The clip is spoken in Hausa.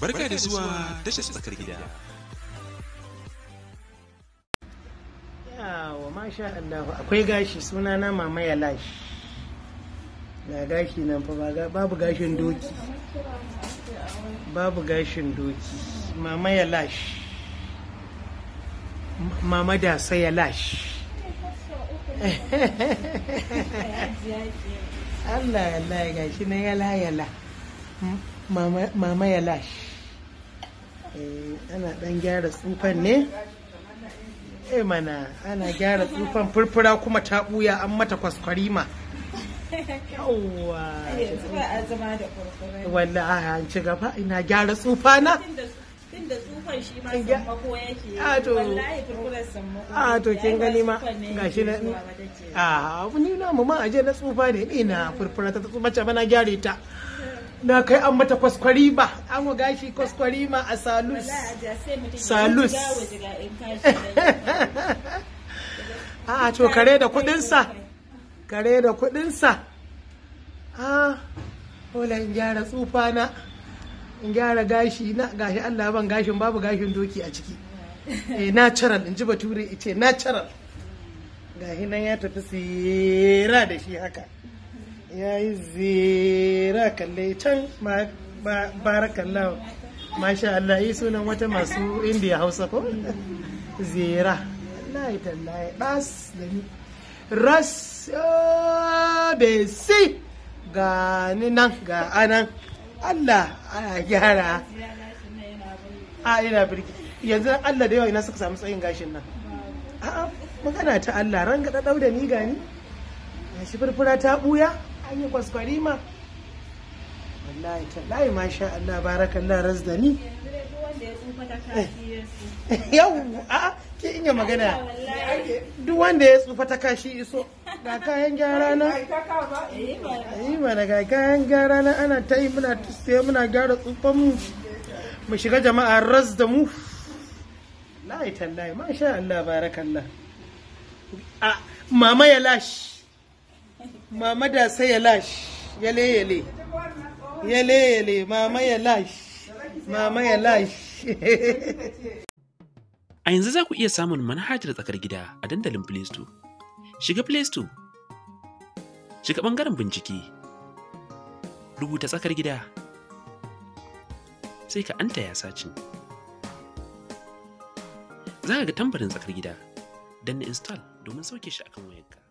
Barka da zuwa tashar tsakar gida. Yawa masha Allah akwai gashi suna na mama ya lashi. Na gashi nan fa babu gashin doki. Babu gashin doki. Mama ya lashi. Mama da sai ya lashi. Allah ya la gashi na yala yala. Mama ya lashi. Eh, ana dan gyara tsufan ne eh mana ana gyara tsufan furfura kuma ta buya an mata kwaskwarima yawwa wanda a gaba ina gyara tsufa na tunda tsufan shi ma sammako yake a to ma a na mu ma na tsufa ne ina ta tsufa na na kai an mata kwaskwari ba amu gashi kwaskwarima a salus salus a to kare da kudinsa kare da kudinsa a wala in gyara tsufa na in gyara gashi na gashi Allah ban gashin babu gashin doki a ciki eh natural in ji bature ice natural gashi nan ya tafi zera da shi haka ya yi zera kalle can barakallahu masha Allah yi sunan wata masu indiya hausa ko zera lai tallahi bas da ni ras ah, besi ga ni nan ga anan Allah a gyara a ina birki yanzu Allah da yawa ina suka samu tsayin gashin nan a'a magana ta Allah ranga da da ni gani shi furfura ta buya an yi kwaskwarima wallahi tallahi masha Allah na barakallah razdani eh. yau a ki inye magana duk wanda ya tsufa ta kashi iso ga kayan gyara na yi eh, mana ga kayan gyara na ana ta yi muna sai muna gyara tsufan mu mu shiga jama'a ras da mu layi tallahi masha Allah barakallah a mama ya lash mama da sai ya lash yale yale yale yale mama ya lash mama ya lash a yanzu za ku iya samun manhajar tsakar gida a dandalin play store shiga play store shiga bangaren bincike rubuta tsakar gida sai ka anta ya sacin za ga tambarin tsakar gida don na install domin sauke shi akan wayarka